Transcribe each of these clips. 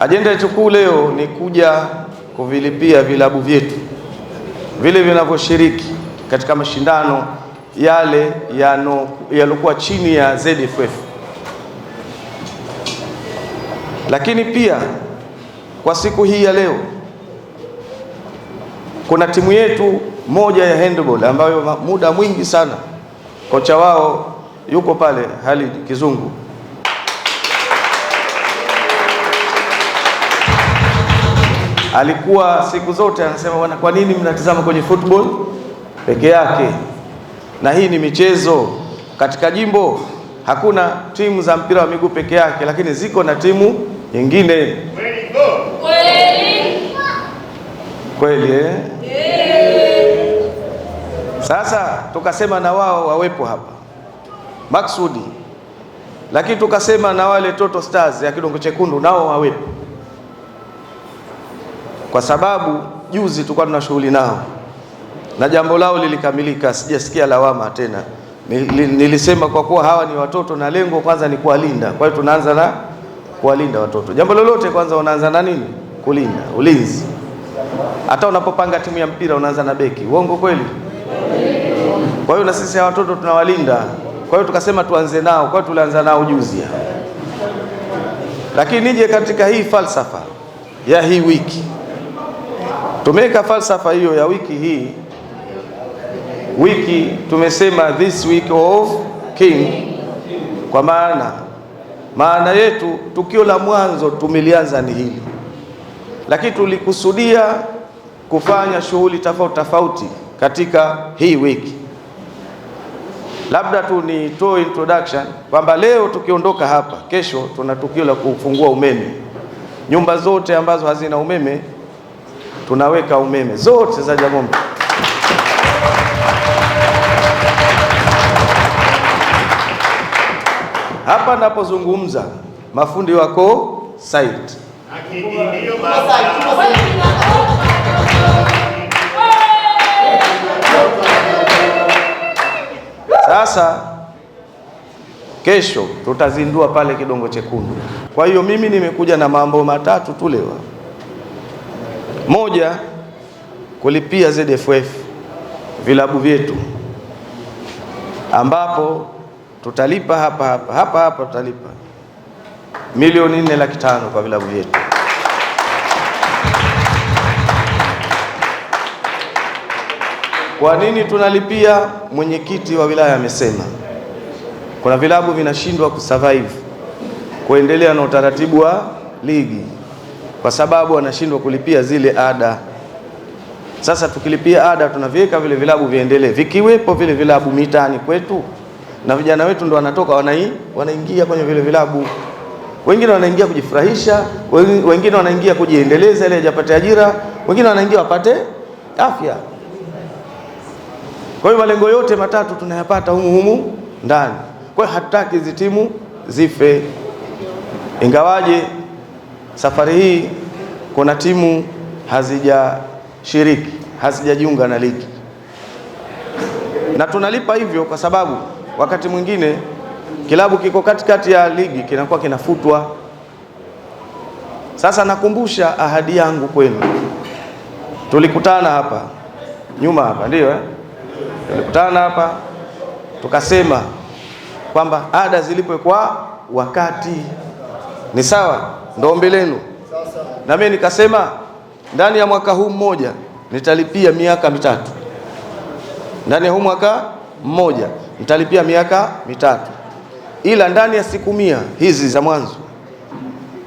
Ajenda yetu kuu leo ni kuja kuvilipia vilabu vyetu vile vinavyoshiriki katika mashindano yale yaliokuwa chini ya ZFF, lakini pia kwa siku hii ya leo kuna timu yetu moja ya handball ambayo muda mwingi sana kocha wao yuko pale Halid Kizungu alikuwa siku zote anasema, bwana, kwa nini mnatizama kwenye football peke yake? Na hii ni michezo. Katika jimbo hakuna timu za mpira wa miguu peke yake, lakini ziko na timu nyingine kweli eh? Sasa tukasema na wao wawepo hapa maksudi, lakini tukasema na wale Toto Stars ya Kidongo Chekundu nao wawepo kwa sababu juzi tulikuwa tuna shughuli nao na jambo lao lilikamilika, sijasikia lawama tena. Nilisema kwa kuwa hawa ni watoto na lengo kwanza ni kuwalinda, kwa hiyo tunaanza na kuwalinda watoto. Jambo lolote kwanza unaanza na nini? Kulinda, ulinzi. Hata unapopanga timu ya mpira unaanza na beki, uongo kweli? Kwa hiyo na sisi hawa watoto tunawalinda, kwa hiyo tukasema tuanze nao, kwa hiyo tulianza nao juzi. Lakini nije katika hii falsafa ya hii wiki Tumeweka falsafa hiyo ya wiki hii. Wiki tumesema this week of king, kwa maana maana yetu tukio la mwanzo tumelianza ni hili, lakini tulikusudia kufanya shughuli tofauti tofauti katika hii wiki. Labda tu nitoe introduction kwamba leo tukiondoka hapa, kesho tuna tukio la kufungua umeme. Nyumba zote ambazo hazina umeme tunaweka umeme zote za Jang'ombe. Hapa napozungumza mafundi wako site sasa kesho tutazindua pale Kidongo Chekundu. Kwa hiyo mimi nimekuja na mambo matatu tu leo. Moja, kulipia ZFF vilabu vyetu, ambapo tutalipa hapa hapa hapa hapa tutalipa milioni nne laki tano kwa vilabu vyetu. Kwa nini tunalipia? Mwenyekiti wa wilaya amesema kuna vilabu vinashindwa kusurvive kuendelea na utaratibu wa ligi kwa sababu wanashindwa kulipia zile ada. Sasa tukilipia ada, tunaviweka vile vilabu viendelee. Vikiwepo vile vilabu mitaani kwetu, na vijana wetu ndo wanatoka wanai, wanaingia kwenye vile vilabu, wengine wanaingia kujifurahisha, wengine wanaingia kujiendeleza ile ajapate ajira, wengine wanaingia wapate afya. Kwa hiyo malengo yote matatu tunayapata humu humu ndani. Kwa hiyo hatutaki zitimu zife, ingawaje Safari hii kuna timu hazijashiriki, hazijajiunga na ligi, na tunalipa hivyo kwa sababu wakati mwingine kilabu kiko katikati ya ligi kinakuwa kinafutwa. Sasa nakumbusha ahadi yangu kwenu, tulikutana hapa nyuma hapa, ndio eh? Tulikutana hapa tukasema kwamba ada zilipwe kwa wakati, ni sawa ndo ombi lenu. Na mimi nikasema ndani ya mwaka huu mmoja nitalipia miaka mitatu, ndani ya huu mwaka mmoja nitalipia miaka mitatu, ila ndani ya siku mia hizi za mwanzo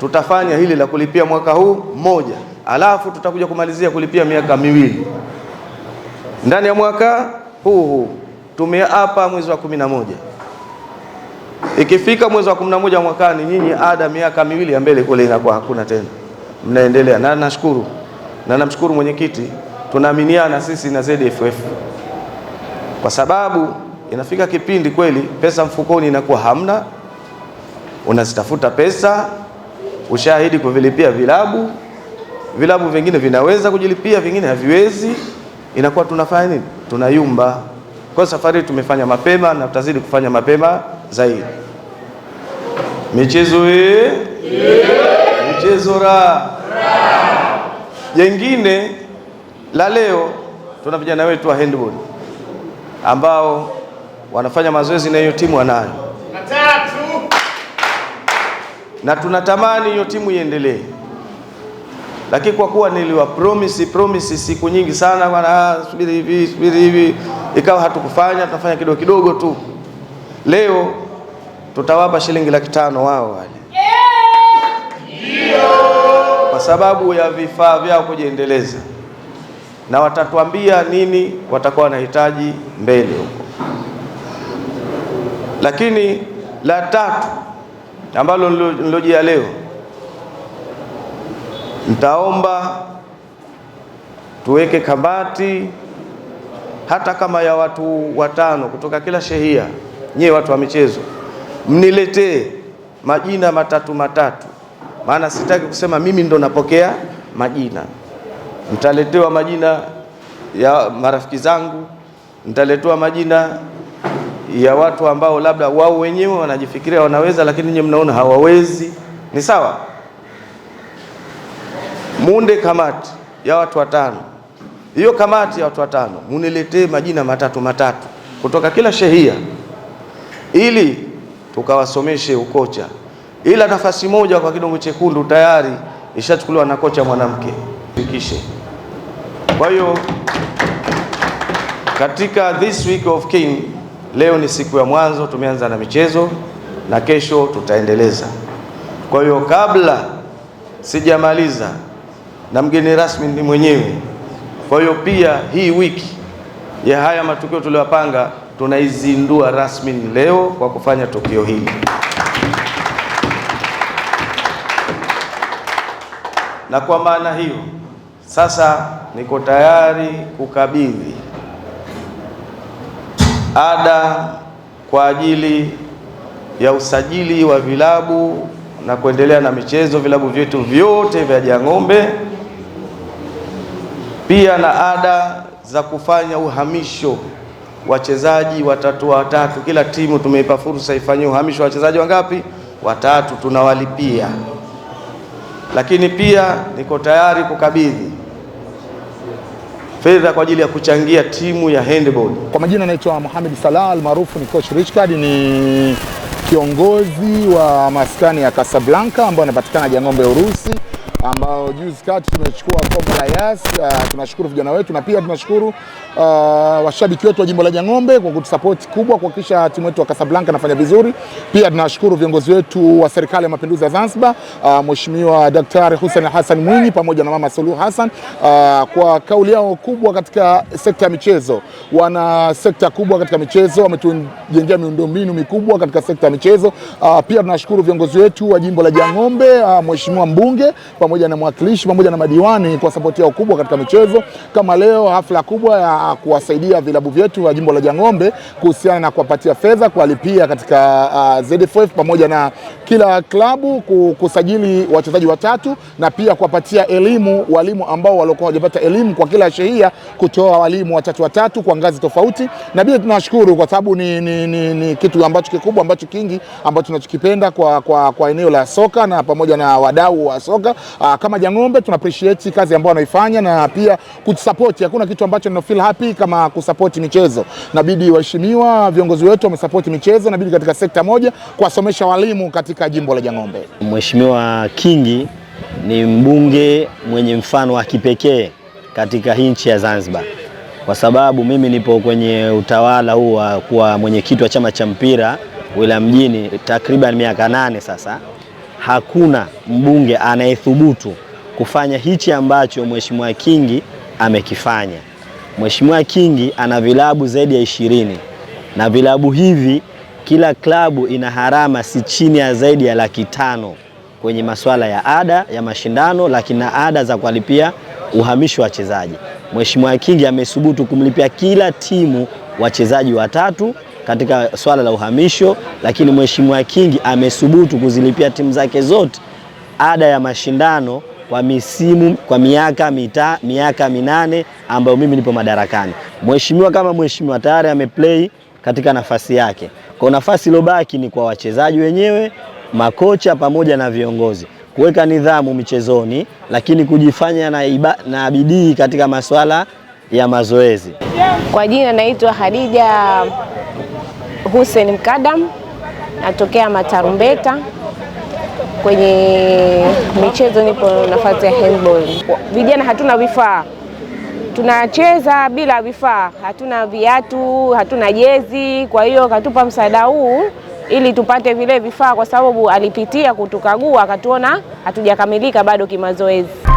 tutafanya hili la kulipia mwaka huu mmoja, alafu tutakuja kumalizia kulipia miaka miwili ndani ya mwaka huu huu. Tumeapa mwezi wa kumi na moja. Ikifika mwezi wa kumi na moja mwakani, nyinyi ada miaka miwili ya mbele kule inakuwa hakuna tena, mnaendelea. Na nashukuru na namshukuru mwenyekiti, tunaaminiana sisi na ZFF kwa sababu inafika kipindi kweli pesa mfukoni inakuwa hamna, unazitafuta pesa, ushahidi kuvilipia vilabu, vilabu vingine vinaweza kujilipia, vingine haviwezi, inakuwa tunafanya nini? Tunayumba. Kwa safari tumefanya mapema na tutazidi kufanya mapema zaidi. Michezo ye mchezo ra Jengine la leo tuna vijana wetu wa handball ambao wanafanya mazoezi na hiyo timu wanayo, na tunatamani hiyo timu iendelee, lakini kwa kuwa niliwa promise promise siku nyingi sana bwana, subiri hivi subiri hivi, ikawa hatukufanya tunafanya kidogo kidogo tu Leo tutawapa shilingi laki tano wao wale, kwa sababu ya vifaa vyao kujiendeleza, na watatuambia nini watakuwa wanahitaji mbele huko. Lakini la tatu ambalo nilojia leo, nitaomba tuweke kamati hata kama ya watu watano kutoka kila shehia nyie watu wa michezo, mniletee majina matatu matatu, maana sitaki kusema mimi ndo napokea majina. Mtaletewa majina ya marafiki zangu, mtaletewa majina ya watu ambao labda wao wenyewe wanajifikiria wanaweza, lakini nyie mnaona hawawezi. Ni sawa, muunde kamati ya watu watano. Hiyo kamati ya watu watano muniletee majina matatu matatu kutoka kila shehia ili tukawasomeshe ukocha, ila nafasi moja kwa kidongo chekundu tayari ishachukuliwa na kocha mwanamke fikishe. Kwa hiyo katika this week of king, leo ni siku ya mwanzo, tumeanza na michezo na kesho tutaendeleza. Kwa hiyo kabla sijamaliza na mgeni rasmi ni mwenyewe, kwa hiyo pia hii wiki ya haya matukio tuliyopanga tunaizindua rasmi leo kwa kufanya tukio hili na kwa maana hiyo sasa niko tayari kukabidhi ada kwa ajili ya usajili wa vilabu na kuendelea na michezo vilabu vyetu vyote vya Jang'ombe, pia na ada za kufanya uhamisho wachezaji watatu watatu, kila timu tumeipa fursa ifanye uhamisho wachezaji wangapi? Watatu, tunawalipia. Lakini pia niko tayari kukabidhi fedha kwa ajili ya kuchangia timu ya handball. Kwa majina naitwa Mohamed Salah almaarufu ni coach Richard, ni kiongozi wa maskani ya Casablanca ambayo anapatikana Jang'ombe, Urusi ambao juzi kati tumechukua kombe la Yas. Uh, tunashukuru vijana wetu na pia tunashukuru uh, washabiki wetu wa jimbo la Nyang'ombe kwa kutusapoti kubwa kuhakikisha timu yetu ya Casablanca inafanya vizuri. Pia tunashukuru viongozi wetu wa serikali ya mapinduzi ya Zanzibar, uh, Mheshimiwa Daktari Hussein Hassan Mwinyi pamoja na Mama Suluhu Hassan uh, kwa kauli yao kubwa katika sekta ya michezo. Wana sekta kubwa katika michezo, wametujengea miundombinu mikubwa katika sekta ya michezo. Uh, pia tunashukuru viongozi wetu wa jimbo la Nyang'ombe, uh, Mheshimiwa mbunge pamoja na mwakilishi pamoja na madiwani kwa sapoti yao kubwa katika michezo. Kama leo hafla kubwa ya kuwasaidia vilabu vyetu vya jimbo la Jang'ombe kuhusiana na kuwapatia fedha kuwalipia katika uh, ZFF pamoja na kila klabu kusajili wachezaji watatu na pia kuwapatia elimu walimu ambao waliokuwa hawajapata elimu kwa kila shehia, kutoa walimu watatu watatu kwa ngazi tofauti, na pia tunawashukuru kwa sababu ni, ni, ni, ni kitu ambacho kikubwa ambacho kingi ambacho tunachokipenda kwa, kwa, kwa eneo la soka na pamoja na wadau wa soka uh, kama Jang'ombe tuna appreciate kazi ambayo anaifanya na pia kutusupport. Hakuna kitu ambacho nina feel happy kama kusupport michezo. Nabidi waheshimiwa viongozi wetu wamesupport michezo, nabidi katika sekta moja kuwasomesha walimu katika jimbo la Jang'ombe. Mheshimiwa Kingi ni mbunge mwenye mfano wa kipekee katika hii nchi ya Zanzibar, kwa sababu mimi nipo kwenye utawala huu wa kuwa mwenyekiti wa chama cha mpira wilaya mjini takriban miaka nane sasa hakuna mbunge anayethubutu kufanya hichi ambacho Mheshimiwa Kingi amekifanya. Mheshimiwa Kingi ana vilabu zaidi ya ishirini na vilabu hivi kila klabu ina harama si chini ya zaidi ya laki tano kwenye masuala ya ada ya mashindano, lakini na ada za kuwalipia uhamisho wa wachezaji. Mheshimiwa Kingi amethubutu kumlipia kila timu wachezaji watatu katika swala la uhamisho, lakini Mheshimiwa Kingi amesubutu kuzilipia timu zake zote ada ya mashindano kwa misimu kwa miaka mita, miaka minane ambayo mimi nipo madarakani. Mheshimiwa kama mheshimiwa tayari ameplay katika nafasi yake, kwa nafasi iliyobaki ni kwa wachezaji wenyewe, makocha pamoja na viongozi kuweka nidhamu michezoni, lakini kujifanya na, iba, na bidii katika masuala ya mazoezi. Kwa jina naitwa hadija Hussein Mkadam, natokea Matarumbeta. Kwenye michezo nipo nafasi ya handball. Vijana hatuna vifaa, tunacheza bila vifaa, hatuna viatu, hatuna jezi. Kwa hiyo katupa msaada huu ili tupate vile vifaa, kwa sababu alipitia kutukagua akatuona hatujakamilika bado kimazoezi.